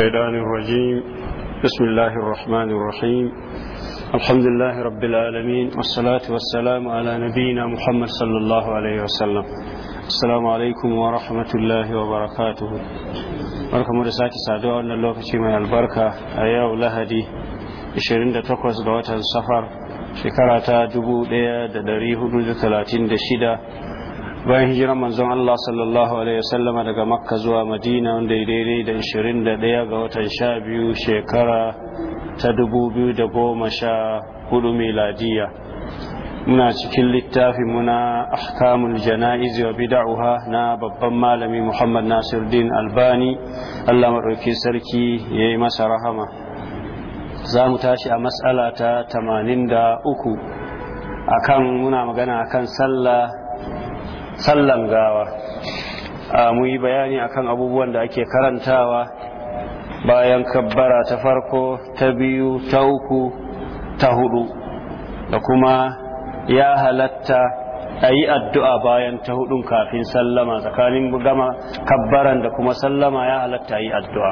الشيطان الرجيم بسم الله الرحمن الرحيم الحمد لله رب العالمين والصلاة والسلام على نبينا محمد صلى الله عليه وسلم السلام عليكم ورحمة الله وبركاته بركة مرساتي سادوا أن الله من البركة أياو لهدي 28 ga watan safar shekara ta 1436 bayan hijirar manzon Allah sallallahu alaihi wasallam daga makka zuwa madina wanda daidai da 21 ga watan 12 shekara ta 2014 miladiya muna cikin littafin muna ahkamul jana'iz wa bid'aha na babban malami Muhammad Nasiruddin Albani Allah madauki sarki yayi masa rahama za mu tashi a mas'ala ta 83 akan muna magana akan sallah sallan gawa mu yi bayani akan abubuwan da ake karantawa bayan kabbara ta farko ta biyu ta uku ta hudu da kuma ya halatta a yi addu'a bayan ta hudun kafin sallama tsakanin gama kabbaran da kuma sallama ya halatta a yi addu'a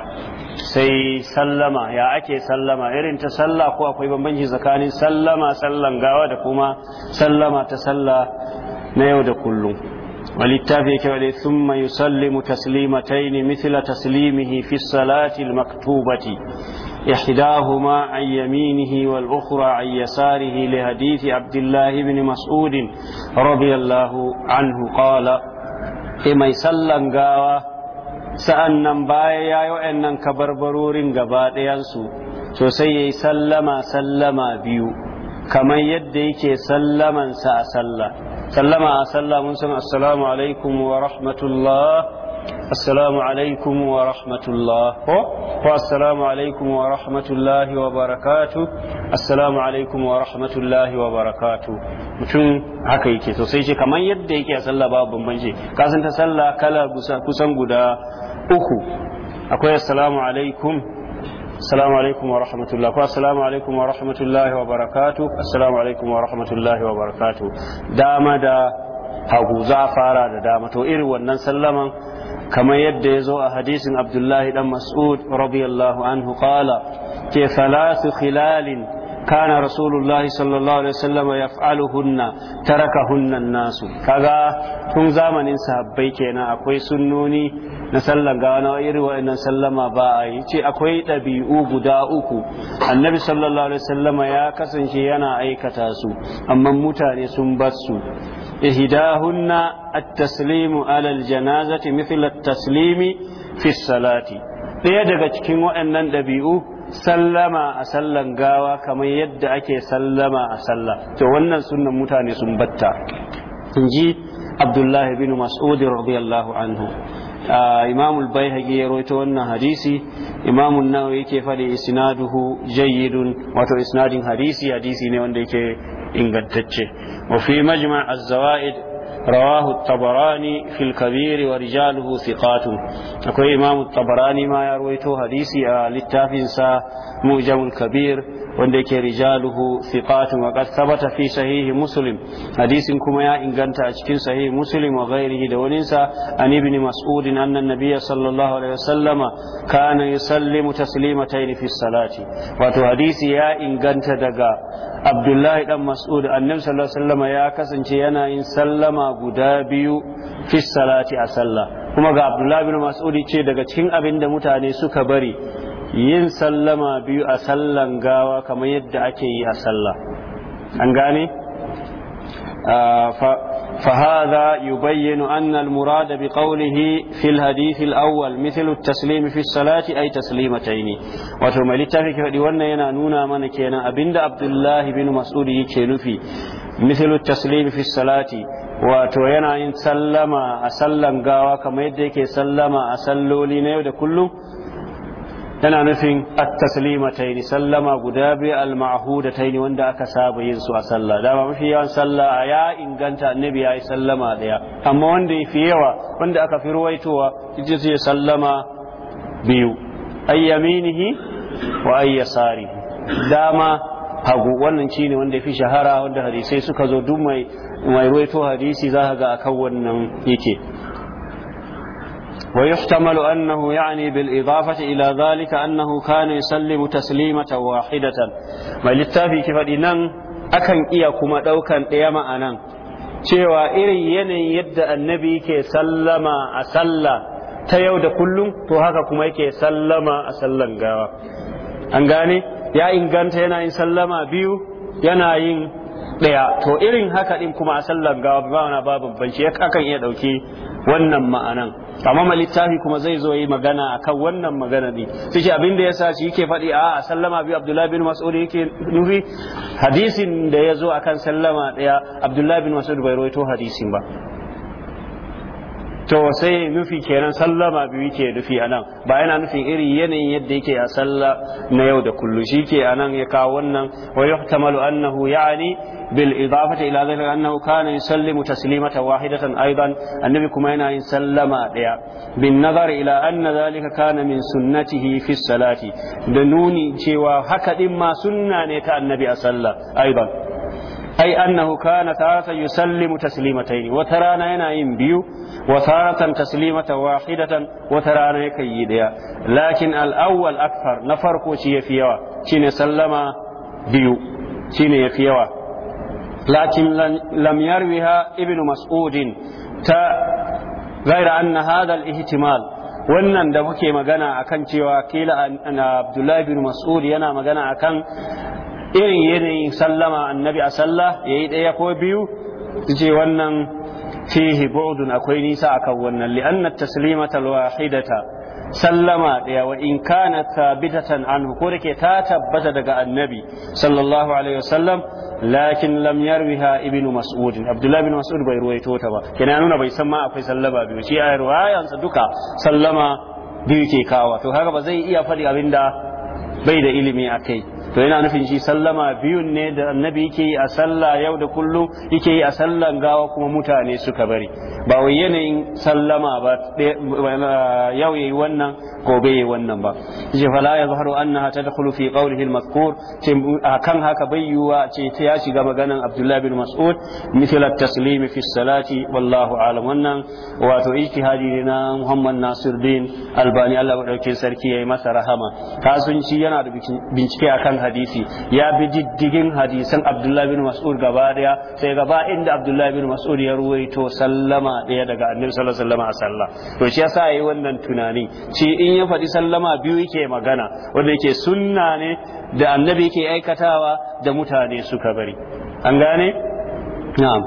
sai sallama ya ake sallama irin ta salla ko akwai bambanci tsakanin sallama sallan gawa da kuma sallama ta salla na yau da kullum وللتافي كولي ثم يسلم تسليمتين مثل تسليمه في الصلاة المكتوبة إحداهما عن يمينه والأخرى عن يساره لحديث عبد الله بن مسعود رضي الله عنه قال إما يسلم قاوة sa'annan baya ya yi wa'annan kabarbarorin gaba ɗayansu to sai ya yi sallama sallama biyu kamar yadda yake sallamansa a sallah sallama a sallah mun san assalamu alaikum wa rahmatullah assalamu alaikum wa rahmatullah ko ko alaikum wa rahmatullahi wa barakatu alaikum wa wa mutum haka yake to sai ce kamar yadda yake a sallah babu bambanci kasan ta sallah kala kusan guda uku akwai assalamu alaikum السلام عليكم ورحمة الله والسلام عليكم ورحمة الله وبركاته السلام عليكم ورحمة الله وبركاته داما دا hagu za fara da dama to irin wannan sallaman kamar yadda ya zo a hadisin abdullahi ɗan mas'ud radiyallahu anhu ƙala ke salasu كان رسول الله صلى الله عليه وسلم يفعلهن تركهن الناس كذا tun zamanin sahabbai kenan akwai sunnoni na sallan gawa irin wa'annan sallama ba a yi ce akwai ɗabi'u guda uku annabi sallallahu alaihi sallama ya kasance yana aikata su amma mutane sun bar su ihdahunna at-taslimu ala al-janazati mithla at-taslimi fi salati ɗaya daga cikin waɗannan ɗabi'u sallama a sallan gawa kamar yadda ake sallama a sallah to wannan sunan mutane sun batta in ji abdullahi bin mas'udi radiyallahu anhu imam al-baihaqi ya wannan hadisi imam an-nawawi yake fadi isnaduhu jayyidun wato isnadin hadisi hadisi ne wanda yake ingantacce wa fi majma' az-zawaid رواه الطبراني في الكبير ورجاله ثقات أكو إمام الطبراني ما يرويته حديثي آه، للتافنسا موجم الكبير wanda yake rijaluhu thiqatun wa qad thabata fi sahihi muslim hadisin kuma ya inganta a cikin sahihi muslim wa ghairihi da wani sa an ibn mas'ud anna nabiyya sallallahu alaihi wasallama kana yusallimu taslimatayn fi salati wato hadisi ya inganta daga abdullahi dan mas'ud annabi sallallahu alaihi wasallama ya kasance yana yin sallama guda biyu fi salati a sallah kuma ga abdullahi bin mas'ud ce daga cikin abin da mutane suka bari yin sallama biyu a sallan gawa kamar yadda ake yi a sallah an gane فهذا يبين أن المراد بقوله في الحديث الأول مثل التسليم في الصلاة أي تسليمتين وثم لتفك فديوانا ينانونا من كينا أبند عبد الله بن مسعود يكينفي مثل التسليم في الصلاة wato yana yin sallama a sallan gawa kamar yadda yake sallama a salloli na yau da kullum tana nufin at-taslimatayn sallama guda biyu al-ma'hudatayn wanda aka saba yin su a sallah dama mafi yawan sallah ya inganta annabi yayi sallama daya amma wanda yafi yawa wanda aka fi ruwaitowa ita ce sallama biyu ayyaminihi wa ayyasari dama hagu wannan shine wanda yafi shahara wanda hadisi suka zo duk mai mai ruwaito hadisi za ga akan wannan yake ويحتمل أنه يعني بالإضافة إلى ذلك أنه كان يسلم تسليمة واحدة ما للتافي كيف إنان أكن إياكما دوكا قياما أنان cewa irin yanayin yadda annabi ke sallama a sallah ta yau da kullum to haka kuma yake sallama a sallan gawa an gane ya inganta yana yin sallama biyu yana yin ɗaya to irin haka ɗin kuma a sallar gawa ba na babu banci ya kakan iya ɗauki wannan ma'anan amma ma littafi kuma zai zo yi magana kan wannan magana ne su shi abin da ya sa shi yake faɗi a a sallama biyu abdullahi bin mas'ud yake nufi hadisin da ya zo a kan sallama daya abdullahi bin mas'ud bai rawaito hadisin ba to sai nufi kenan sallama biyu ke nufi a nan ba yana nufin iri yanayin yadda yake a sallah na yau da kullu shi ke a nan ya kawo wannan wa yuhtamalu annahu yani bil idafati ila zalika annahu kana yusallimu taslimatan wahidatan aidan annabi kuma yana yin sallama daya bin nazar ila anna zalika kana min sunnatihi fi salati da nuni cewa haka din ma sunna ne ta annabi a sallah aidan ai annahu kana taratan yusallimu taslimatayn wa tarana yana yin biyu وتارة تسليمة واحدة وترانا يكي ديا لكن الأول أكثر نفرق شي فيوا شين سلم بيو شين يفيوا لكن لم يروها ابن مسعود تا غير أن هذا الاهتمال wannan da muke magana akan cewa kila Abdullahi bin Mas'ud yana magana akan irin yanayin sallama annabi a sallah yayi ɗaya ko biyu ce wannan fihi bu'dun akwai nisa akan wannan li anna taslimata alwahidata sallama daya wa in kana thabitatan an ko dake ta tabbata daga annabi sallallahu alaihi wasallam lakin lam yarwiha ibn mas'ud abdullah ibn mas'ud bai ruwaito ta ba kina nuna bai san ma akwai sallaba biyu shi a ruwayansa duka sallama biyu ke kawa to haka ba zai iya faɗi abinda bai da ilimi akai to yana nufin shi sallama biyun ne da annabi yake yi a sallah yau da kullum yake yi a sallan gawa kuma mutane suka bari ba wai yanayin sallama ba eh, yau yayi wannan gobe yayi wannan ba yace fala yazharu annaha tadkhulu fi qawlihi al-mazkur ce kan haka bayyuwa ce ta ya shiga maganan abdullahi bin Mas'ud misal at-taslim fi salati wallahu a'lam wannan wato ijtihadi ne na Muhammad Nasiruddin Albani Allah ya dauke sarki yayi masa rahama kasunci yana da bincike akan hadisi ya bi diddigin hadisan Abdullah bin Mas'ud gaba daya sai gaba inda Abdullah bin Mas'ud ya ruwaito sallama daya daga Annabi sallallahu alaihi wasallam a sallah to shi yasa yayi wannan tunani shi in ya faɗi sallama biyu yake magana wanda yake sunna ne da Annabi yake aikatawa da mutane suka bari an gane na'am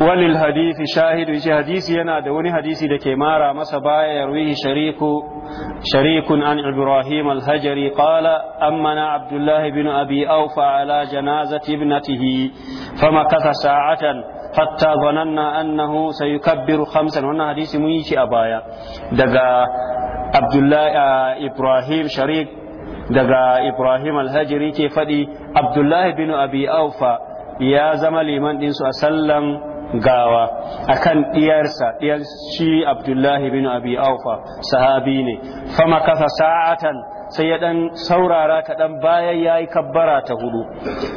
walil hadisi shahidu shi hadisi yana da wani hadisi da ke mara masa baya ya shariku شريك عن إبراهيم الهجري قال أمنا عبد الله بن أبي أوفى على جنازة ابنته فمكث ساعة حتى ظننا أنه سيكبر خمسا وانا حديث ميشي أبايا دقا عبد الله إبراهيم شريك دقا إبراهيم الهجري كيف فدي عبد الله بن أبي أوفى يا زملي من دين سأسلم gawa akan diyarsa diyar shi abdullahi bin abi aufa sahabi ne fama kasa sa'atan sai ya dan saurara kaɗan bayan ya yi kabbara ta hudu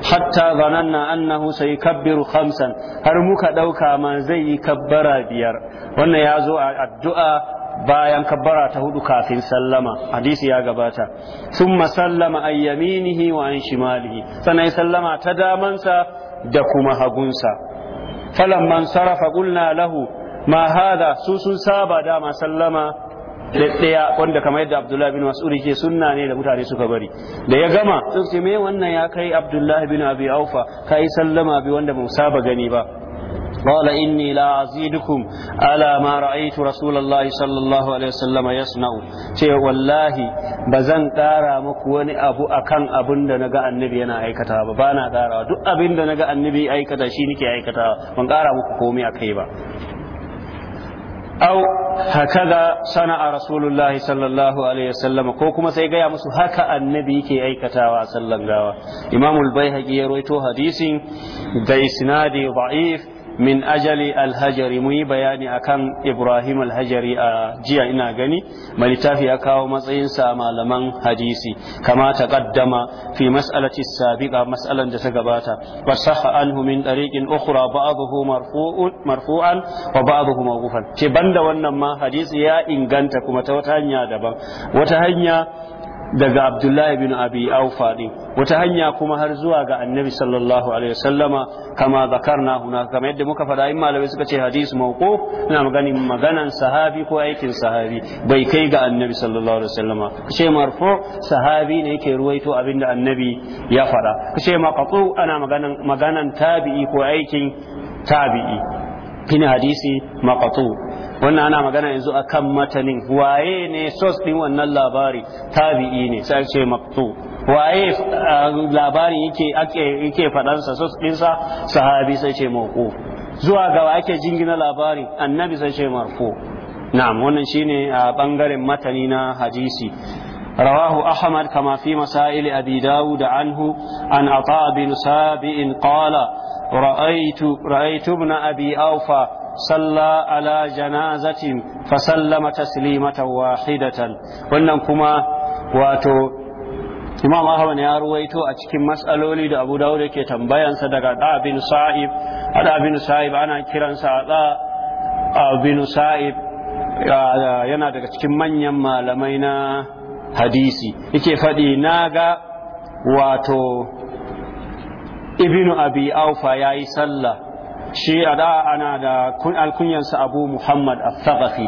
hatta zananna annahu sai kabbiru khamsan har muka ɗauka man zai yi kabbara biyar wannan ya zo a addu'a bayan kabbara ta hudu kafin sallama hadisi ya gabata sun sallama an yaminihi wa an shimalihi sannan sallama ta damansa da kuma hagunsa falamman sarafa qulna lahu ma su sun saba dama sallama ɗaya wanda kamar yadda Abdullahi bin Mas'ud ke sunna ne da mutane suka bari da ya gama sun ce me wannan ya kai Abdullahi bin Abi Aufa kai sallama bi wanda ba saba gani ba قال إني لا أزيدكم على ما رأيت رسول الله صلى الله عليه وسلم يصنع تي والله بزن تارا مكواني أبو أكان أبن دنقى النبي أنا أي كتاب بانا تارا دو أبن دنقى النبي أي كتاب شينك أي كتاب من تارا مكومي أكيبا أو هكذا صنع رسول الله صلى الله عليه وسلم كوكما سيغيا مسو هكا النبي كي أي كتاب صلى الله عليه وسلم إمام البيهقي يرويتو حديث دي سنادي ضعيف min ajali alhajari mu yi bayani akan ibrahim alhajari a jiya ina gani mai littafi ya kawo matsayinsa sa malaman hadisi kama ta kaddama fi mas'alati sabiqa mas'alan da ta gabata wa sahha anhu min tariqin ukhra ba'dahu marfu'an wa ba'dahu mawqufan ce banda wannan ma hadisi ya inganta kuma ta wata hanya daban wata hanya daga abdullahi bin abi aufa din wata hanya kuma har zuwa ga annabi sallallahu alaihi wasallama kama zakarna huna kama yadda muka faɗa in malamai suka ce hadisi mauquf ina maganin maganan sahabi ko aikin sahabi bai kai ga annabi sallallahu alaihi wasallama kace marfu sahabi ne yake ruwaito abinda annabi ya faɗa kace maqtu ana maganan maganan tabi'i ko aikin tabi'i ina hadisi maqtu wannan ana magana yanzu akan matanin waye ne sos ɗin wannan labari tabi'i ne sai ce maktu waye labari yake ake faɗansa sos ɗinsa sahabi sai ce mawqu zuwa ga ake jingina labari annabi sai ce marfu na'am wannan shine a bangaren matani na hadisi رواه أحمد كما في مسائل أبي داود عنه عن عطاء بن سابئ قال رأيت رأيت ابن أبي أوفى صلى على جنازة فسلم تسليمة واحدة kuma واتو imam ahmad ya ruwaito a cikin matsaloli da abu dawud yake tambayansa daga da sa'ib da bin sa'ib ana kiransa da bin sa'ib yana daga cikin manyan malamai na hadisi yake faɗi na ga wato ibnu abi aufa ya yi sallah shi a da ana da alkunyansa abu muhammad al-thaqafi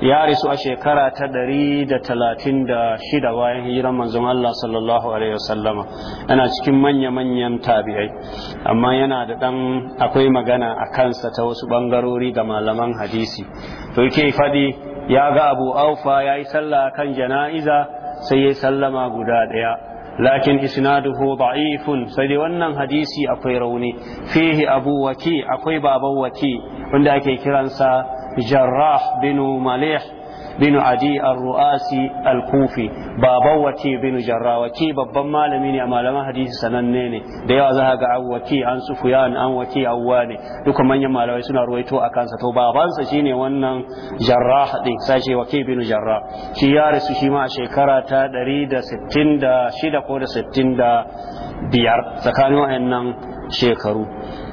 ya risu a shekara ta ɗari da talatin da shida bayan hijiran manzon Allah sallallahu alaihi wasallama yana cikin manya-manyan tabi'ai amma yana da ɗan akwai magana a kansa ta wasu ɓangarori ga malaman hadisi to yake faɗi ya ga abu aufa ya yi sallah kan jana'iza sai ya sallama guda ɗaya lakin isnaduhu da'ifun sai dai wannan hadisi akwai rauni fihi abu waki akwai baban waki wanda ake kiransa jarrah bin malih bin adi ar-ru'asi al-kufi baban waki bin jarra waki babban malami ne a malaman hadisi sananne ne da yawa za ga an waki an sufuyan an waki awwa ne duka manyan malamai suna ruwaito a kansa to babansa shine wannan jarrah din sashi waki bin jarra shi ya rasu shi ma a shekara ta 166 ko da 65 tsakanin wayannan shekaru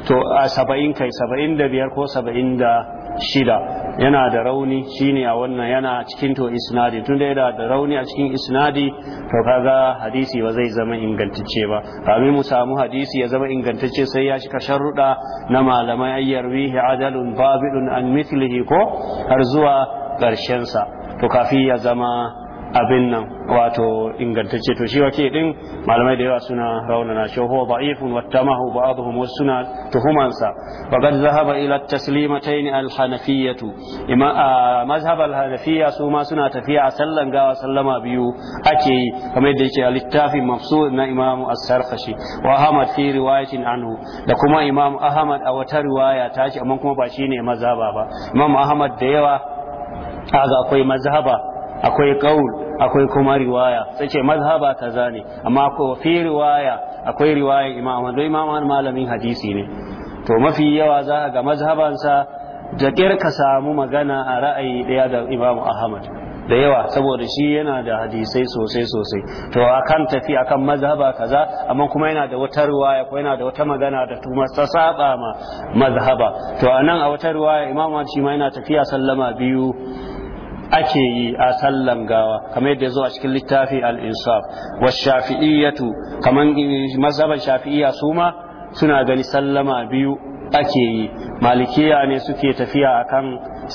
to a 70 kai 75 ko 70 shida yana da rauni shine a wannan yana cikin to isnadi tun da yana da rauni a cikin isnadi to kaga hadisi ba zai zama ingantacce ba kamin mu samu hadisi ya zama ingantacce sai ya shika sharuɗa na malamai ayyar bihi adalun babidun an mithlihi ko har zuwa ƙarshensa to kafi ya zama abin nan wato ingantacce to shi wake din malamai da yawa suna raunana shi huwa da'ifun wattamahu ba'dhum wasu suna tuhumansa wa qad zahaba ila taslimatayn al-hanafiyyatu imma mazhab al-hanafiyya su ma suna tafiya a sallan gawa sallama biyu ake yi kamar yadda yake a littafin mafsud na imam as-sarfashi wa ahmad fi riwayatin anhu da kuma imam ahmad a wata riwaya tashi amma kuma ba shine mazhaba ba imam ahmad da yawa kaga akwai mazhaba akwai kaul akwai kuma riwaya sai ce mazhaba kaza ne amma ko fi riwaya akwai riwaya imam Ahmad imam malamin hadisi ne to mafi yawa za ga mazhabansa da ka samu magana a ra'ayi daya da imam Ahmad da yawa saboda shi yana da hadisai sosai sosai to akan tafi akan mazhaba kaza amma kuma yana da wata riwaya ko yana da wata magana da tuma ta saba ma mazhaba to anan a wata riwaya imama shi ma yana tafiya sallama biyu ake yi a sallan gawa kamar yadda zo a cikin littafi al-insaf wa shafi'iyatu kamar eh, mazhaban shafi'iyya su ma suna gani sallama biyu ake yi malikiya ne suke tafiya akan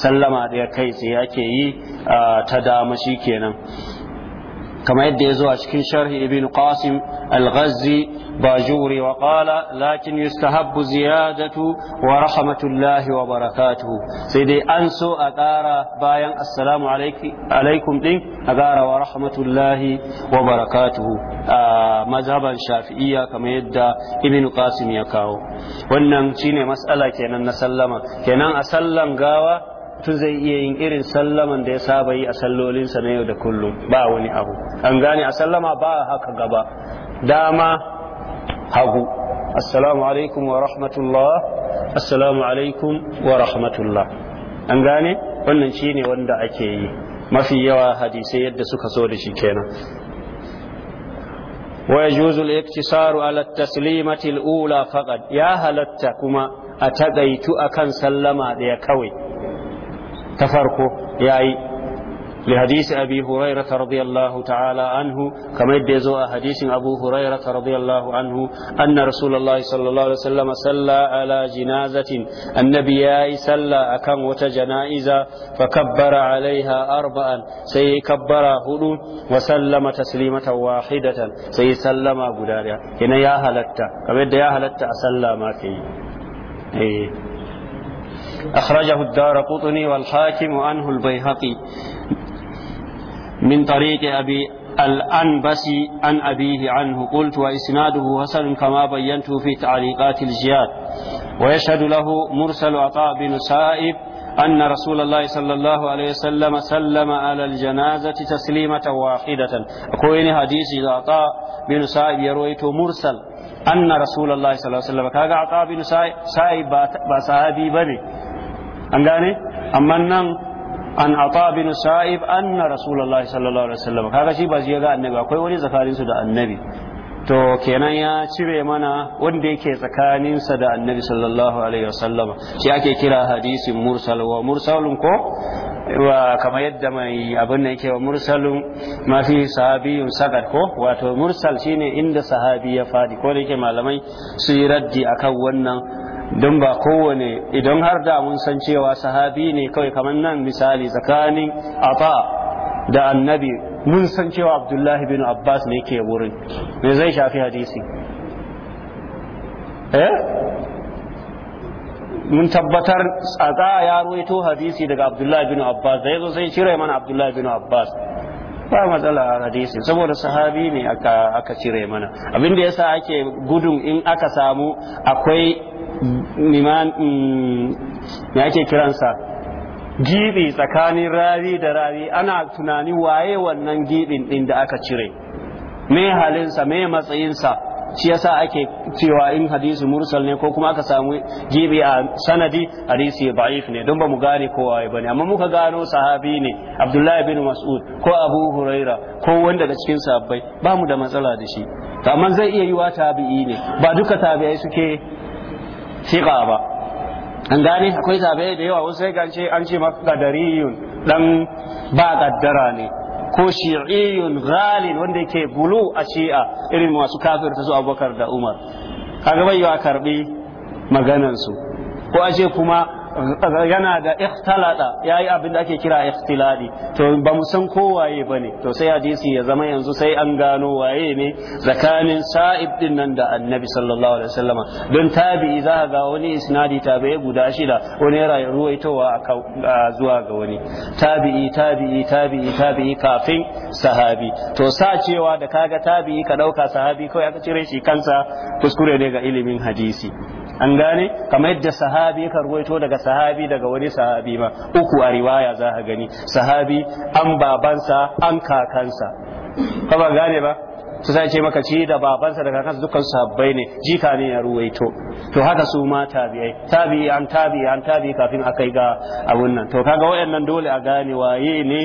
sallama daya kai sai ake yi ah, ta dama shi kenan kamar yadda ya zo a cikin sharhi ibn qasim al-ghazzi bajuri wa qala lakin yustahabbu ziyadatu wa rahmatullahi wa barakatuhu sai dai an so a ƙara bayan assalamu alaikum din a ƙara wa rahmatullahi wa barakatu a mazhaban shafi'iyya kamar yadda ibn qasim ya kawo wannan shine mas'ala kenan na sallama kenan a sallan gawa mutum zai iya yin irin sallaman da ya saba yi a sallolinsa na yau da kullum ba wani abu an gane a sallama ba haka gaba dama hagu assalamu alaikum wa rahmatullah assalamu alaikum wa rahmatullah an gane wannan ne wanda ake yi mafi yawa hadisai yadda suka so da shi kenan ويجوز الاقتصار على التسليمة الأولى فقط يا هلتا كما أتقيت أكن سلما ديا كوي تفرقه ياي لحديث أبي هريرة رضي الله تعالى عنه كما يدزو حديث أبو هريرة رضي الله عنه أن رسول الله صلى الله عليه وسلم صلى على جنازة النبي صلى أكم وتجنائز فكبر عليها أربعا سيكبر هدو وسلم تسليمة واحدة سيسلم أبو داريا هنا يا هلتا كما يد يا هلتا أسلم كي إيه أخرجه الدار قطني والحاكم عنه البيهقي من طريق أبي الأنبسي عن أبيه عنه قلت وإسناده حسن كما بينته في تعليقات الجياد ويشهد له مرسل عطاء بن سائب أن رسول الله صلى الله عليه وسلم سلم على الجنازة تسليمة واحدة أقول حديث عطاء بن سائب يرويته مرسل أن رسول الله صلى الله عليه وسلم كاغا عطاء بن سائب بصحابي بني an gane amma nan an ata bin sa'ib anna rasulullahi sallallahu alaihi wasallam kaga shi ba shi ga annabi akwai wani tsakanin su da annabi to kenan ya cire mana wanda yake tsakanin sa da annabi sallallahu alaihi wasallam shi ake kira hadisin mursal wa mursalun ko wa kamar yadda mai abin da yake wa mursalun ma fi sahabiyun sagar ko wato mursal shine inda sahabi ya fadi ko da yake malamai su yi raddi akan wannan don ba kowane idan har da mun san cewa sahabi ne kawai kamar nan misali tsakanin ata da annabi mun san cewa abdullahi bin abbas ne ke wurin me zai shafi hadisi eh mun tabbatar tsada ya ruwaito hadisi daga abdullahi bin abbas da ya zo sai cire mana abdullahi bin abbas ba matsala a hadisi saboda sahabi ne aka cire mana abinda yasa ake gudun in aka samu akwai ya mm, ake kiransa gibi tsakanin rari da rari ana tunani waye wannan gibin din da aka cire me halinsa me matsayinsa shi yasa ake cewa in hadisi mursal ne ko kuma aka samu gibi a sanadi hadisi da'if ne don ba mu gane kowa waye bane amma muka gano sahabi ne abdullahi bin mas'ud ko abu huraira ko wanda daga cikin sahabbai ba mu da matsala da shi amma zai iya yiwa tabi'i ne ba duka tabi'ai suke fiqa ba an gane akwai tabi'ai da yawa wasu sai ce an ce maka dan ba kaddara ne ko shi'iyun ghalin wanda yake bulu a shi'a irin masu kafir ta su abubakar da umar kaga bai yawa karbi maganan su ko a ce kuma yana da ikhtalada yayi abin da ake kira ikhtiladi to ba mu san ko waye bane to sai hadisi ya zama yanzu sai an gano waye ne tsakanin sa'ib din nan da annabi sallallahu alaihi wasallam don tabi'i za ga wani isnadi tabi'i guda shida wani ruwaitowa zuwa ga wani tabi'i tabi'i tabi'i tabi'i kafin sahabi to sa cewa da kaga tabi'i ka dauka sahabi kawai aka cire shi kansa kuskure ne ga ilimin hadisi an gane kamar yadda sahabi ka ruwaito daga sahabi daga wani sahabi ma uku a riwaya za ka gani sahabi an babansa an kakansa ba gane ba su sai ce maka ci da babansa da kakansa dukkan sabbai ne jika ne ya ruwaito to haka su ma tabi'ai tabi'i an tabi'i an tabi'i kafin a kai ga abun nan to kaga wayannan dole a gane waye ne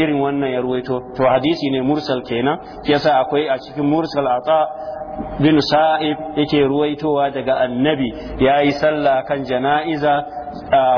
irin wannan ya ruwaito to hadisi ne mursal kenan yasa akwai a cikin mursal ata bin sa'ib yake ruwaitowa daga annabi yayi sallah kan jana'iza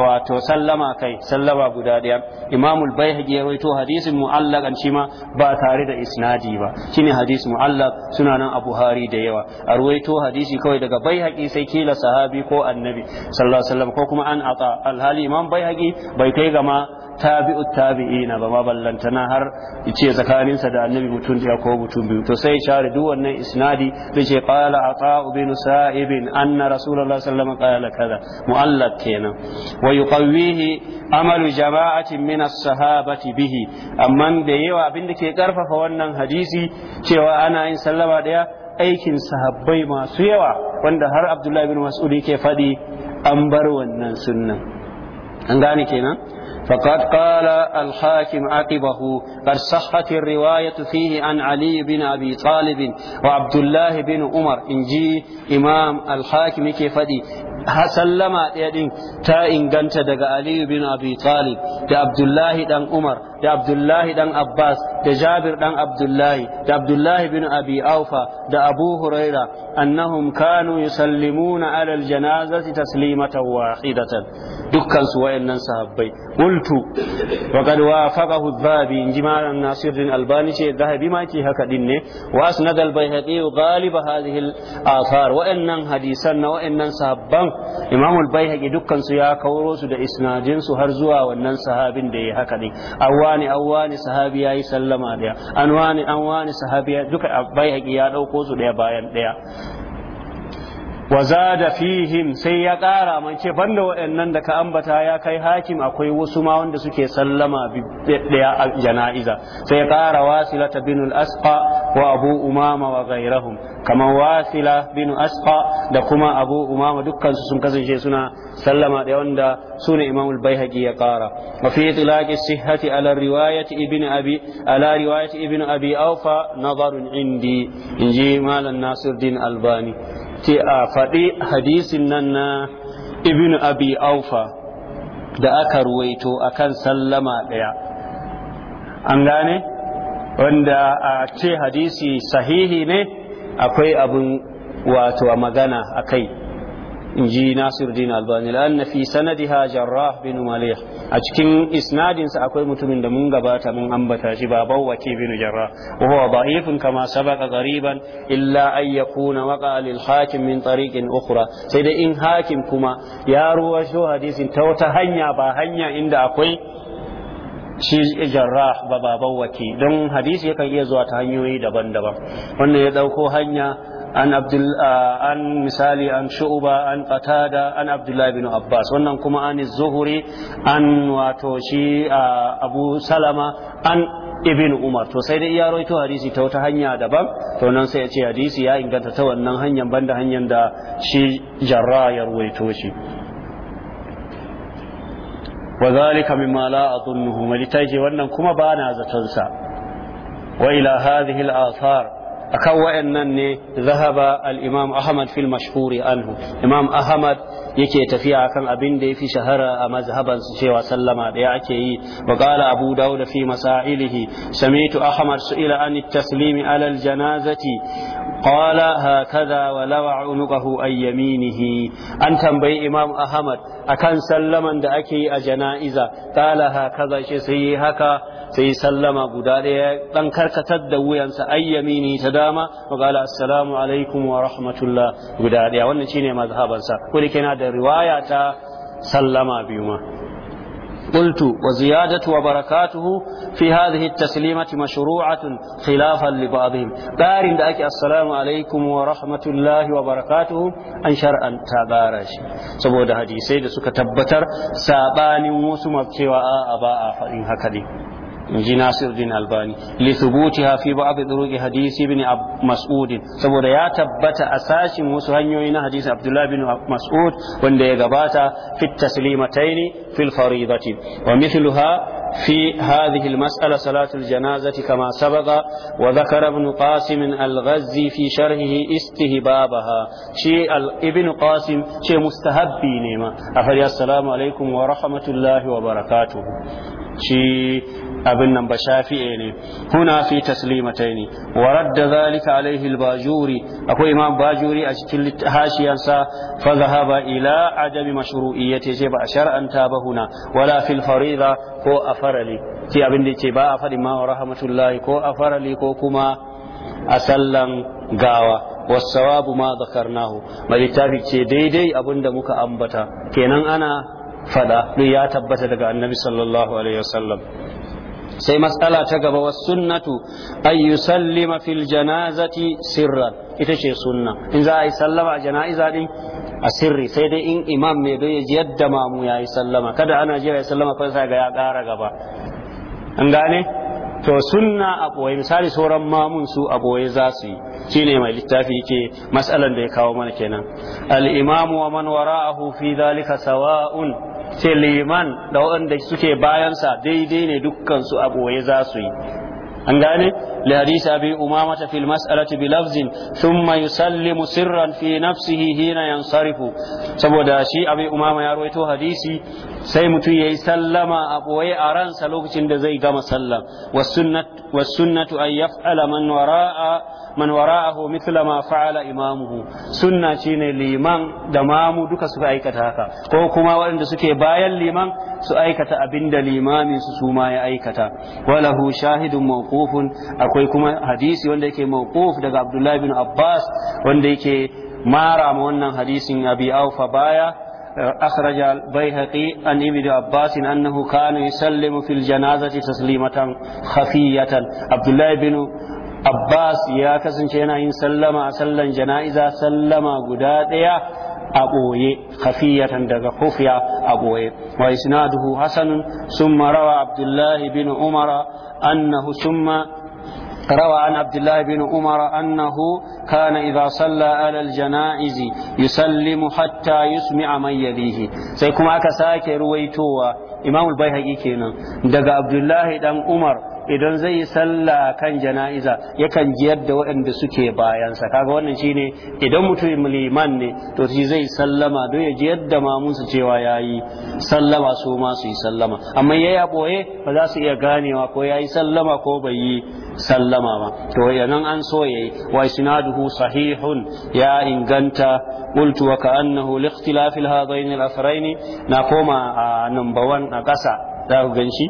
wato sallama kai sallama guda ɗaya imamul baihaqi ya to hadisin mu'allaq shi shima ba tare da isnadi ba shine hadisin mu'allaq suna nan a buhari da yawa a hadisi kawai daga baihaqi sai kila sahabi ko annabi sallallahu alaihi wasallam ko kuma an ata alhali imam baihaqi bai kai gama. tabi'u tabi'ina ba ma na har yace tsakaninsa da annabi mutun da ko mutun biyu to sai share duk wannan isnadi zai ce qala ata ibn sa'ib anna rasulullah sallallahu alaihi wasallam qala kaza mu'allaq kenan wa yuqawwihi amalu jama'atin min as-sahabati bihi amma da yawa abin da ke karfafa wannan hadisi cewa ana yin sallama daya aikin sahabbai masu yawa wanda har abdullahi bin mas'udi ke faɗi an bar wannan sunnan an gane kenan فقد قال الحاكم عقبه قد صحت الرواية فيه عن علي بن أبي طالب وعبد الله بن عمر إن جي إمام الحاكم كيف دي sallama ɗaya ɗin ta inganta daga Aliyu bin Abi Talib da Abdullahi ɗan Umar da Abdullahi dan Abbas da Jabir dan Abdullahi da Abdullahi bin Abi Aufa da Abu Huraira annahum kanu yusallimuna ala aljanazati taslimatan wahidatan dukkan su wayannan sahabbai qultu wa qad wafaqahu adh injimaran Nasiruddin Albani ce dhahabi ma ke haka din ne wa asnad al-Baihaqi hadhihi al-athar wayannan hadisan na wayannan sahabban Imam al-Baihaqi dukkan su ya kauro su da isnadin su har zuwa wannan sahabin da ya haka din awwa wani an wani sahabi ya yi sallama daya an wani an wani sahabi duka bai haƙi ya ɗauko su ɗaya bayan ɗaya wa da fihim sai ya ƙara man banda waɗannan da ka ambata ya kai hakim akwai wasu ma wanda suke sallama ɗaya a jana'iza sai ya ƙara wasila ta wa abu umama wa gairahum kamar wasila binu asfa da kuma abu umama dukkansu sun kasance suna sallama ɗaya wanda su ne imamul baihaqi ya ƙara wa fi itlaqi sihhati ala riwayati ibn abi ala riwayati ibn abi awfa nazarun indi inji malam nasiruddin albani ce a faɗi hadisin nan na ibn abi aufa da aka ruwaito akan sallama ɗaya an gane wanda a ce hadisi sahihi ne akwai abin wato magana a kai in ji din albani la'an fi sanadiha jarrah bin malih a cikin isnadinsa akwai mutumin da mun gabata mun ambata shi baban wake bin jarrah wa huwa da'ifun kama sabaka ghariban illa an yakuna waqa lil hakim min tariqin ukhra sai dai in hakim kuma ya ruwa shi hadisin ta wata hanya ba hanya inda akwai shi jarrah ba baban wake don hadisi yakan iya zuwa ta hanyoyi daban-daban wannan ya dauko hanya an abdul an misali an Shu'uba an qatada an abdullah ibn abbas wannan kuma an zuhuri an wato shi abu salama an ibn umar to sai dai ya rawaito hadisi ta wata hanya daban to nan sai ya ce hadisi ya inganta ta wannan hanyar banda hanyar da shi jarra ya rawaito shi wa zalika mimma la adunnuhu wannan kuma bana zaton sa wa ila hadhihi al-athar akan wayannan ne zahaba al-imam ahmad fil mashhuri anhu imam ahmad yake tafiya akan abin da yafi shahara a mazhaban su cewa sallama daya ake yi wa qala abu dawud fi masailihi sami'tu ahmad su'ila an at-taslim ala al-janazati qala hakaza wa lawa unuqahu ay yaminihi an tambayi imam ahmad akan sallaman da ake yi a jana'iza qala hakaza shi sai haka sai sallama guda ɗaya ɗan karkatar da wuyansa ayyamini ta dama wa qala assalamu alaikum wa rahmatullah guda ɗaya wannan shine mazhabansa ko da na da riwaya ta sallama biyu ma قلت وزيادة وبركاته في هذه التسليمة مشروعة خلافا لبعضهم بارن دعك السلام عليكم ورحمة الله وبركاته أن شرعا تبارش سبود حديثي دسك تبتر سابان وسمت سواء أباء حرين هكذا inji din Albani li thubutiha fi ba'd turuqi hadisi ibn Mas'ud saboda ya tabbata a sashin wasu hanyoyi na hadisi Abdullah bin Mas'ud wanda ya gabata fi taslimataini fil faridati wa mithluha في هذه المسألة صلاة الجنازة كما سبق وذكر ابن قاسم الغزي في شرحه استهبابها شيء ابن قاسم شيء مستهبي نيما أفري السلام عليكم ورحمة الله وبركاته شيء abin nan ba shafi'e ne huna fi taslimatai ne wa radda zalika alaihi al-bajuri akwai imam bajuri a cikin hashiyansa fa zahaba ila adami mashru'iyyati sai ba a shar'anta ba huna wala fil ko a farali ce abin da ce ba a faɗi mawa rahmatullahi ko a farali ko kuma a sallan gawa wasawabu ma zakarnahu mai littafi ce daidai abin da muka ambata kenan ana faɗa duk ya tabbata daga annabi sallallahu alaihi wasallam sai matsala ta gaba wa sunnatu an fil janazati sirran ita ce sunna in za a yi sallama a jana'iza din a sirri sai dai in imam mai don ya ji yadda mamu ya yi sallama kada ana jira ya sallama fa sai ga ya ƙara gaba an gane to sunna a ɓoye misali sauran mamun su a ɓoye za su yi shine mai littafi ke matsalan da ya kawo mana kenan al'imamu wa man wara'ahu fi dhalika sawa'un ce liman da waɗanda suke bayansa daidai ne dukkansu a ɓoye za su yi an gane li hadisi abi umama ta fil mas'alati bi lafzin thumma yusallimu sirran fi nafsihi hina yansarifu saboda shi abi umama ya rawaito hadisi sai mutum yayi sallama a boye a ransa lokacin da zai gama sallah was sunnatu was sunnatu an yaf'ala man wara'a man wara'ahu mithla ma fa'ala imamuhu sunna shine liman da mamu duka suka aikata haka ko kuma waɗanda suke bayan liman su aikata abinda limamin su suma ya aikata walahu shahidun mawqufun akwai kuma hadisi wanda yake mawquf daga Abdullahi bin Abbas wanda yake mara ma wannan hadisin Abi Aufa baya أخرج البيهقي عن ابن عباس أنه كان يسلم في الجنازة تسليمة خفية عبد الله بن Abbas ya kasance yana yin sallama a sallan jana'iza sallama guda ɗaya a ɓoye khafiyatan daga kufiya a ɓoye wa isnaduhu hasanun summa rawa abdullahi bin umara annahu summa روى عن عبد الله بن عمر أنه كان إذا صلى على الجنائز يسلم حتى يسمع من يليه سيكون أكساك رويتوا إمام البيهقي كينا دقى عبد الله بن عمر idan zai yi sallah kan jana'iza yakan jiyar da waɗanda suke bayansa kaga wannan shine idan mutum liman ne to shi zai sallama don ya jiyar da mamunsa cewa ya yi sallama su ma su yi sallama amma ya ya boye ba za su iya ganewa ko ya yi sallama ko bai yi sallama ba to yanan an so yayi wa sahihun ya inganta qultu wa ka'annahu li ikhtilafil hadain al na koma a number 1 a ƙasa za ku ganshi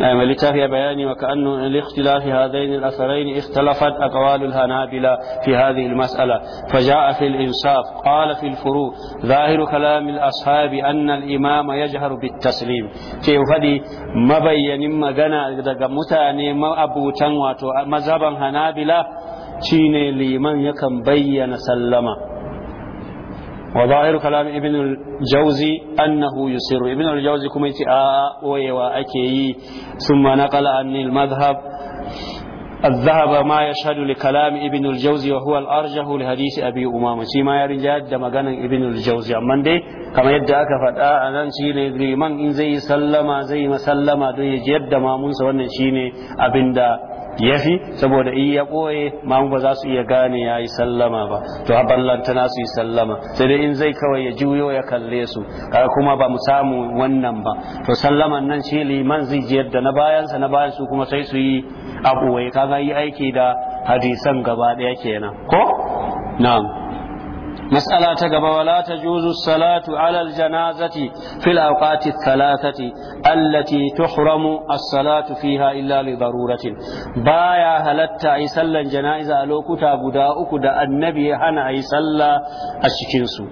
نعم لتافي بياني وكأنه لاختلاف هذين الأثرين اختلفت أقوال الهنابلة في هذه المسألة فجاء في الإنصاف قال في الفروع ظاهر كلام الأصحاب أن الإمام يجهر بالتسليم كي فدي ما بين ما جنا متاني ما أبو تنواتو مذهبا هنابلة شيني لمن يكن بين سلمه وظاهر كلام ابن الجوزي أنه يسر ابن الجوزي كما يتي آآ أكي ثم نقل عن المذهب الذهب ما يشهد لكلام ابن الجوزي وهو الأرجح لحديث أبي أمامة سيما يرجع دمغان ابن الجوزي أما دي كما يدعى كفتاة أنان شيني لمن إن زي سلم زي ما سلم دي جد ما منسى وأن شيني أبن دا yafi saboda in ya ɓoye ma ba za su iya gane ya yi sallama ba to ballantana su yi sallama sai dai in zai kawai ya juyo ya kalle su kaga kuma ba mu samu wannan ba to sallaman nan shi liman zai jiyar da na bayansa na bayan su kuma sai su yi a ɓoye kaga yi aiki da hadisan gaba ɗaya kenan ko na'am مسألة تقبى ولا تجوز الصلاة على الجنازة في الأوقات الثلاثة التي تحرم الصلاة فيها إلا لضرورة بايا هلت عيسلا جنائزة لوكتا بداؤك دا النبي هنا عيسلا الشكنسو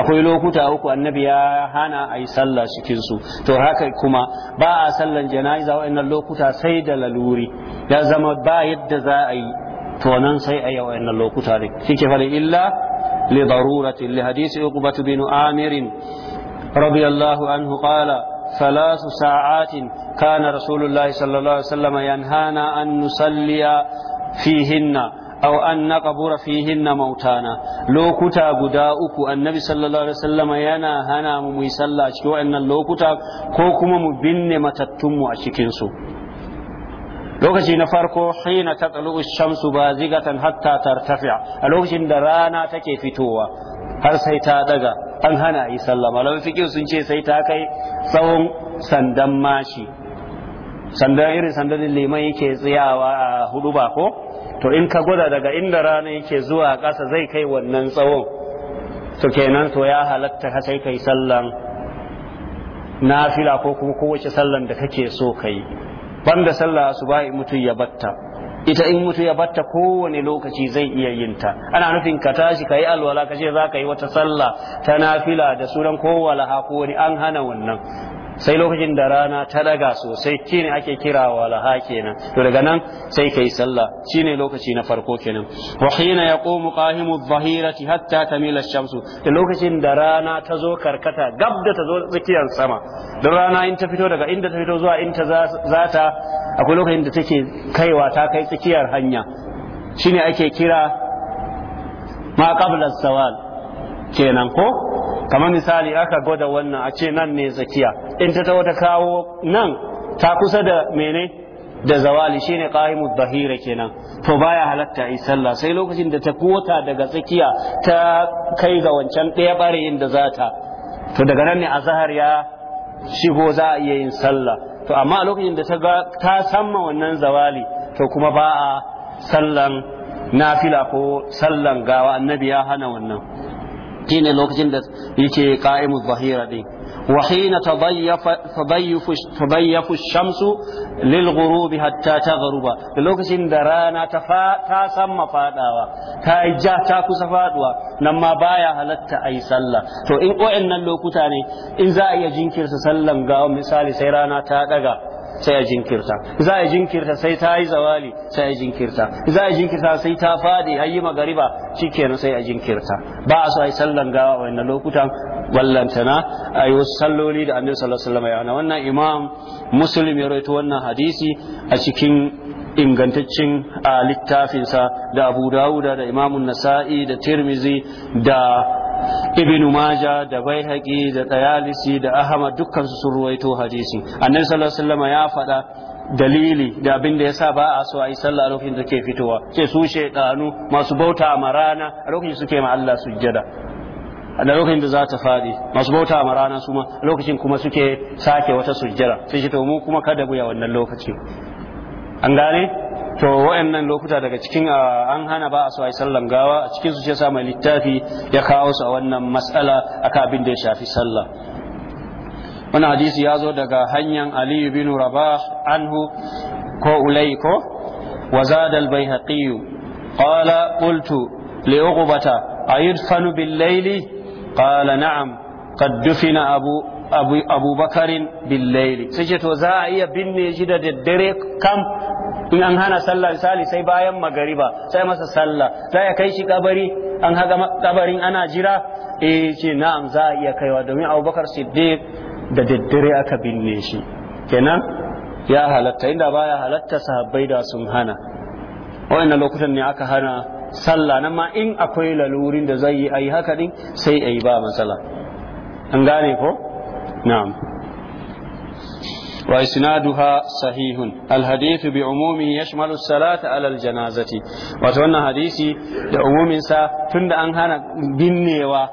akwai lokuta uku annabi ya hana a yi sallah cikin su to haka kuma ba a sallan jana'iza wa'annan lokuta sai da laluri ya zama ba yadda za a yi to nan sai a yi wa'annan lokuta ne ke fara illa لضرورة لحديث عقبة بن عامر رضي الله عنه قال ثلاث ساعات كان رسول الله صلى الله عليه وسلم ينهانا أن نصلي فيهن أو أن نقبر فيهن موتانا لو كتا قداؤك النبي صلى الله عليه وسلم ينا هنا مميسلا أشكو أن لو كتا كوكما مبن متتم أشكنسو lokaci na farko hina ta tsalu shamsu ba zigatan hatta tartafi a lokacin da rana take fitowa har sai ta daga an hana yi sallama. malamin sun ce sai ta kai tsawon sandan mashi sandan irin sandan liman yake tsayawa a hudu ba ko to in ka gwada daga inda rana yake zuwa ƙasa zai kai wannan tsawon to kenan to ya halatta ka sai kai sallan nafila ko kuma kowace sallan da kake so kai banda sallah in mutum ya batta ita in mutu ya batta kowane lokaci zai iya yin ta ana nufin ka tashi ka yi alwala ka ce za ka yi wata sallah ta nafila da sunan ko walaha ko wani an hana wannan sai lokacin da rana ta daga sosai shine ake kira wa laha kenan to daga nan sai kai sallah shine lokaci na farko kenan wa hina yaqumu qahimu dhahirati hatta tamila shamsu da lokacin da rana ta zo karkata gab da ta zo tsakiyar sama da rana in ta fito daga inda ta fito zuwa in ta zata akwai lokacin da take kaiwa ta kai tsakiyar hanya shine ake kira ma qabla sawal kenan ko kamar misali aka gwada wannan a ce nan ne tsakiya in ta wata kawo nan ta kusa da mene da zawali shine qaimud bahira kenan to baya halatta yi sallah sai lokacin da ta kota daga tsakiya ta kai ga wancan ɗaya ɓarayin da za ta to daga nan ne azhar ya shigo za a iya yin sallah to amma lokacin da ta ga ta samma wannan zawali to kuma ba a sallan nafila ko sallan gawa annabi ya hana wannan shine lokacin da yake qa'imu zahira din wa hina tabayyafu tabayyafu shamsu lil ghurubi hatta taghruba lokacin da rana ta ta samma fadawa ta ja ta kusa faduwa nan ma baya halatta ai sallah to in nan lokuta ne in za a iya jinkirsa sallan gawa misali sai rana ta daga sai a jinkirta za a jinkirta sai ta yi zawali sai a jinkirta za a jinkirta sai ta fadi har yi magariba shikenan sai a jinkirta ba a so a yi sallan gawa wannan lokutan ballantana a yi wasu salloli da annabi sallallahu alaihi wasallam ya wannan imam muslim ya rawaito wannan hadisi a cikin ingantaccen a littafinsa da abu dawuda da imamun nasa'i da tirmizi da ibn maja da baihaqi da tayalisi da ahmad dukkansu su sun ruwaito hadisi annabi sallallahu alaihi wasallam ya faɗa dalili da abin da yasa ba a so a yi sallah a lokacin da ke fitowa ce su shaidanu masu bauta a marana a lokacin suke ma Allah sujjada a lokacin da za ta faɗi masu bauta a marana su ma lokacin kuma suke sake wata sujjada sai shi to mu kuma kada buya ya wannan lokaci an gane to wa'annan lokuta daga cikin an hana ba a so ai sallan gawa a cikin su sai sa mai littafi ya kawo su a wannan matsala a abin da ya shafi sallah Wani hadisi ya zo daga hanyar aliyu bin rabah anhu ko ulai ko wa zada al-baihaqi qala qultu li uqbata ayudfanu na'am qad dufina abu abubakarin billai sai ce to za a iya binne shi da daddare kam in an hana sallah misali sai bayan magariba sai masa sallah za ya kai shi kabari an haga kabarin ana jira eh ce na'am za a iya kaiwa domin abubakar siddiq da daddare aka binne shi kenan ya halatta inda baya halatta sahabbai da sun hana wa'annan lokutan ne aka hana sallah nan ma in akwai lalurin da zai yi ayi haka din sai ayi ba matsala an gane ko na'am واسنادها صحيح الحديث بعمومه يشمل الصلاه alal الجنازه wato wannan hadisi da umumin sa tunda an hana binnewa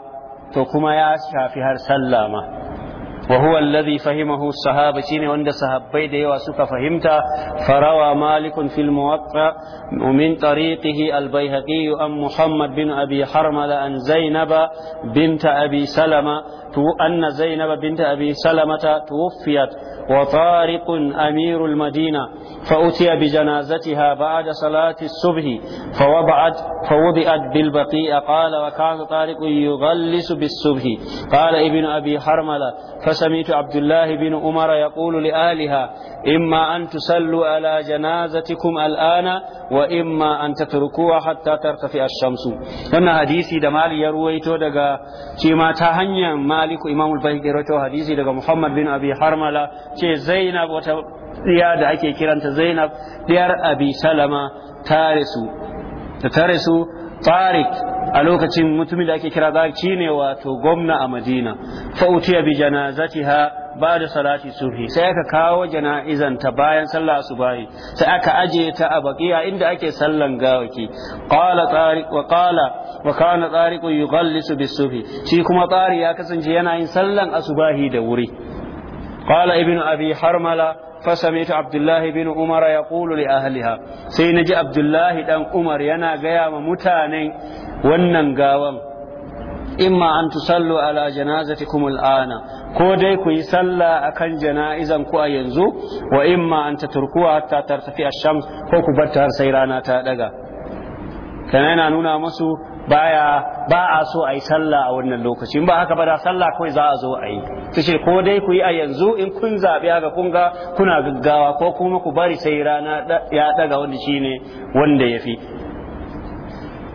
to kuma ya shafi har sallah ma وهو الذي فهمه الصحابة شين وند صحابي دي وسك فهمتا فروى مالك في الموقع ومن طريقه البيهقي أم محمد بن أبي حرمل أن زينب بنت أبي سلمة أن زينب بنت أبي سلمة توفيت وطارق أمير المدينة فأتي بجنازتها بعد صلاة الصبح فوضعت فوضعت بالبقيع قال وكان طارق يغلس بالصبح قال ابن أبي حرملة فسمعت عبد الله بن عمر يقول لآلها إما أن تسلوا على جنازتكم الآن وإما أن تتركوها حتى ترتفع الشمس أن حديثي دمالي يرويته دقا كما تهنيا مالك إمام البيهقي رويته حديثي دقا محمد بن أبي حرملة كي زينب وت... diya da ake kiranta zainab diyar abi salama ta rasu Farik a lokacin mutumin da ake kira tariq ne wato gwamna a madina fa ya bi Ba da salati surhi sai aka kawo jana'izan ta bayan sallah asubahi sai aka aje ta a baqiya inda ake sallan gawaki qala tariq wa qala wa kana tariq yughallisu bis subhi shi kuma tariq ya kasance yana yin sallan asubahi da wuri qala ibnu abi harmala فسمعت عبد الله بن عمر يقول لأهلها سينجي Abdullahi الله Umar yana gaya غيا متانين wannan gawan imma an tusallu ala janazatikum al'ana ko dai kuyi yi sallah akan jana'izan ku a yanzu wa imma an taturkuwa hatta tartafi a shams ko ku bar har sai rana ta daga kana nuna musu baya ba a so a yi sallah a wannan lokaci ba haka ba da sallah kawai za a zo a yi su ce ko dai ku yi a yanzu in kun zaɓi haka kun ga kuna gaggawa ko kuma ku bari sai rana ya ɗaga wanda shine wanda ya fi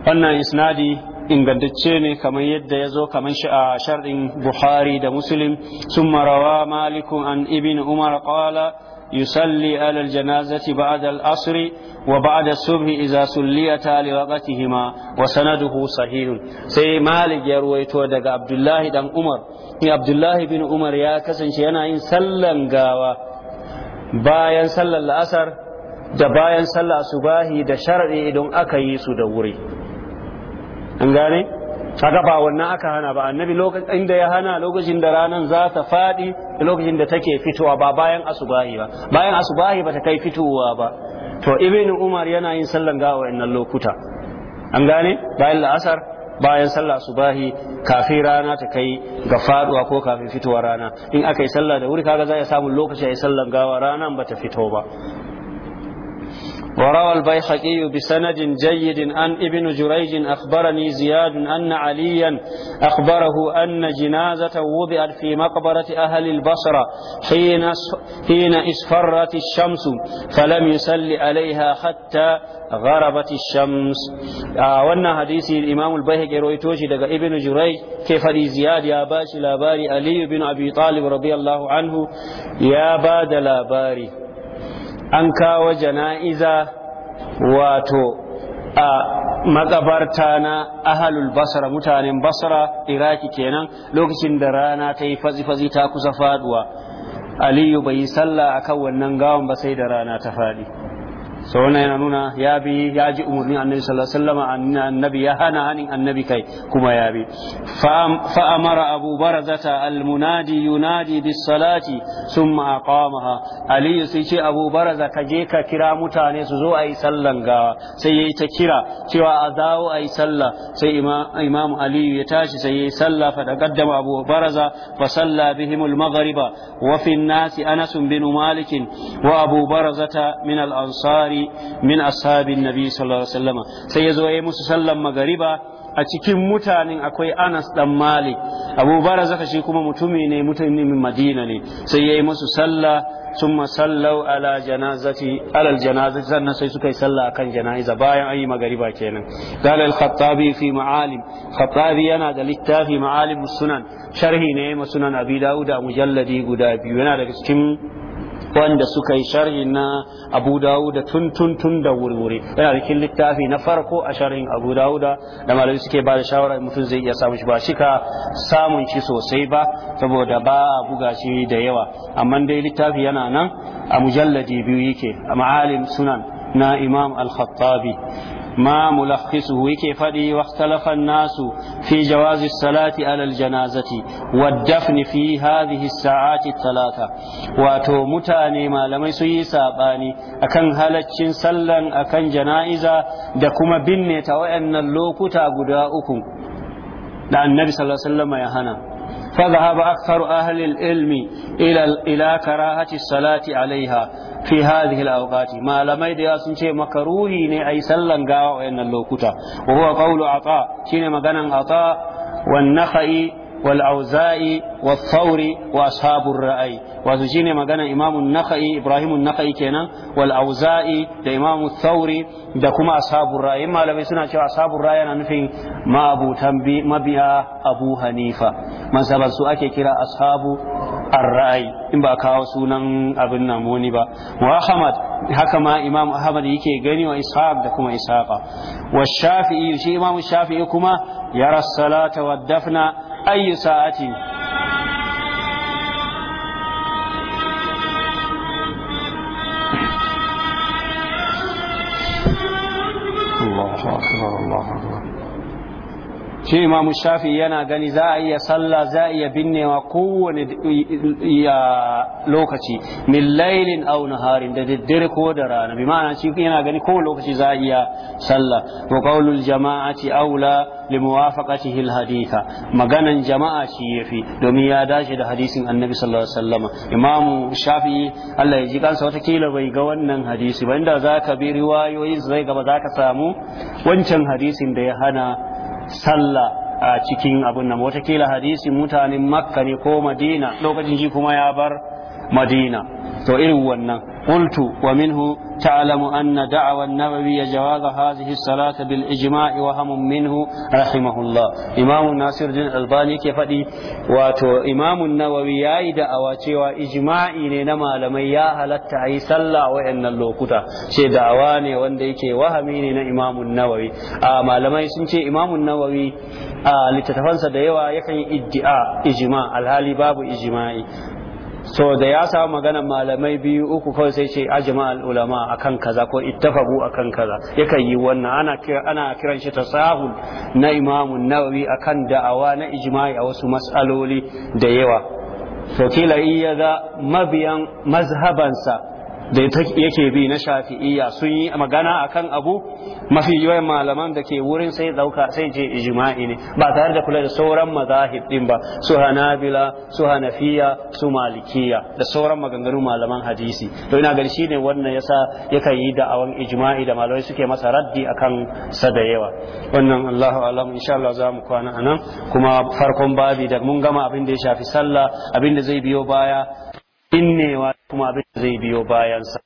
wannan isnadi ingantacce ne kamar yadda ya zo kamar shi a sharɗin buhari da muslim sun marawa malikun an ibn umar qala يصلي على الجنازة بعد العصر وبعد الصبح إذا سليتا لوقتهما وسنده صحيح سي مالك يروي تودك عبد الله بن عمر عبد الله بن عمر يا كسن شينا إن سلم قاوة باين سلم الأسر da bayan sallah subahi da shar'i idan aka yi su da wuri an gane kaga ba wannan aka hana ba annabi lokacin inda ya hana lokacin da ranan za ta fadi lokacin da take fitowa ba bayan asubahi ba bayan asubahi ba ta kai fitowa ba to ibnu umar yana yin sallan gawa wannan lokuta an gane bayan la'asar bayan sallah subahi kafin rana ta kai ga faduwa ko kafin fitowar rana in aka yi sallah da wuri kaga za ya samu lokaci ya yi sallan gawa ranan ba ta fito ba وروى البيحقي بسند جيد أن ابن جريج أخبرني زياد أن عليا أخبره أن جنازة وضعت في مقبرة أهل البصرة حين حين اسفرت الشمس فلم يسل عليها حتى غربت الشمس آه وانا حديث الإمام البيحقي رويتوشي دقا ابن جريج كيف دي زياد يا باشي لاباري علي بن أبي طالب رضي الله عنه يا باد لاباري an kawo jana'iza wato a maƙabarta na ahalul basra mutanen basra iraki kenan lokacin da rana ta yi fazi-fazi ta kusa faduwa aliyu bai yi sallah akan wannan gawan ba sai da rana ta fadi sau yana nuna ya bi ya ji umarnin annabi sallallahu alaihi wasallam annabi ya hana hanin annabi kai kuma ya bi fa amara abu barazata almunadi yunadi bis salati thumma aqamaha ali sai ce abu baraza ka je ka kira mutane su zo ayi sallan gawa sai yayi ta kira cewa a dawo ayi salla sai imam ali ya tashi sai yayi sallah fa taqaddama abu baraza fa salla bihim al-maghriba wa fi an-nas anas bin malik wa abu barazata min al-ansari min ashabin nabi sallallahu alaihi wasallam sai yazo zo ya yi musu sallan magariba a cikin mutanen akwai Anas dan Malik Abu Barzaka shi kuma mutumi ne mutumin Madina ne sai yayi musu sallah ثم صلوا على جنازتي على الجنازة سنة سيسكي صلى كان جنائز بايا أي مغربا كينا قال الخطابي في معالم خطابي أنا دلتا في معالم السنن شرحي نعم سنن أبي داود مجلدي قدابي وانا دلتكم wanda suka yi sharhi na abu dawuda tun tun tun da wurwuri yana cikin littafi na farko a sharhin abu dawuda da malamai suke ba da shawara mutum zai iya samun shi ba shi ka samun shi sosai ba saboda ba a buga shi da yawa amma dai littafi yana nan a mujalladi biyu yake a ma'alim sunan na imam al-khattabi ما ملخصه يكفدي واختلف الناس في جواز الصلاة على الجنازة والدفن في هذه الساعات الثلاثة واتو متاني ما لم يسوي ساباني أكن هلتشن سلا أكن جنائزة دكما بنت وأن اللوكتا قداؤكم da annabi sallallahu alaihi wasallam ya hana فذهب أكثر أهل العلم إلى إلى كراهة الصلاة عليها في هذه الأوقات ما لم يدي أسنشي مكروهي نأي سلن قاوة إن اللوكتا وهو قول عطاء شين مغنى عطاء والنخعي wal auza'i wa thauri wa ashabur ra'ayi wato shine magana imamun nakhai ibrahimun nakhai kenan wal auza'i da imamu thauri da kuma ashabur ra'ayi malamai suna cewa Asabun ra'ayi yana nufin ma'abutan mabiya abu hanifa masabar su ake kira ashabu ar-ra'ayi in ba kawo sunan abin Namoni ba wa ahmad haka ma imam ahmad yake gani wa ishaq da kuma ishaqa wa shafi'i shi imam shafi'i kuma yara salata wa dafna ayyu sa'atin shi imam shafi yana gani za a iya sallah za a iya binnewa kowane lokaci min lailin aw naharin da daddare ko da rana bi ma'ana shi yana gani kowane lokaci za a iya sallah wa jama'ati aula li muwafaqatihi al haditha maganan jama'a shi yafi domin ya dace da hadisin annabi sallallahu alaihi wasallam imam shafi Allah ya ji kansa wata kila bai ga wannan hadisi ba inda zaka bi riwayoyin zai gaba zaka samu wancan hadisin da ya hana sallah a cikin abun nan watakila hadisi mutanen makka ne ko madina lokacin shi kuma ya bar madina to irin wannan qultu wa minhu تعلم أن دعوى النووي جواز هذه الصلاة بالإجماع وهم منه رحمه الله إمام ناصر الدين الألباني كفدي واتو إمام النووي يايد أواتي وإجماعي نما لمن ياهل أي صلى وإن اللوكتا شي دعواني وانديكي وهميني إمام النووي آما لما يسنشي إمام النووي a littattafansa da yawa yakan yi iddia ijima alhali babu ijima'i so da ya samu magana malamai biyu uku kawai sai ce al'ulama a kan kaza ko ittafagu kan kaza yakan yi wannan ana kiran shi tasahul na imamu Nawawi kan da'awa na ijma'i a wasu matsaloli da yawa so kila iya ga mabiyan mazhabansa da yake bi na shafi'iyya sun yi magana akan abu mafi yawan malaman da ke wurin sai dauka sai je ijma'i ne ba tare da kula da sauran mazahib din ba su hanabila su hanafiya su malikiya da sauran maganganu malaman hadisi to ina gani shine wannan yasa yakan yi da awan ijma'i da malamai suke masa raddi akan sa da yawa wannan Allahu alam insha Allah za mu kwana anan kuma farkon babi da mun gama abin da ya shafi sallah abin da zai biyo baya innewa kuma abin zai biyo bayansa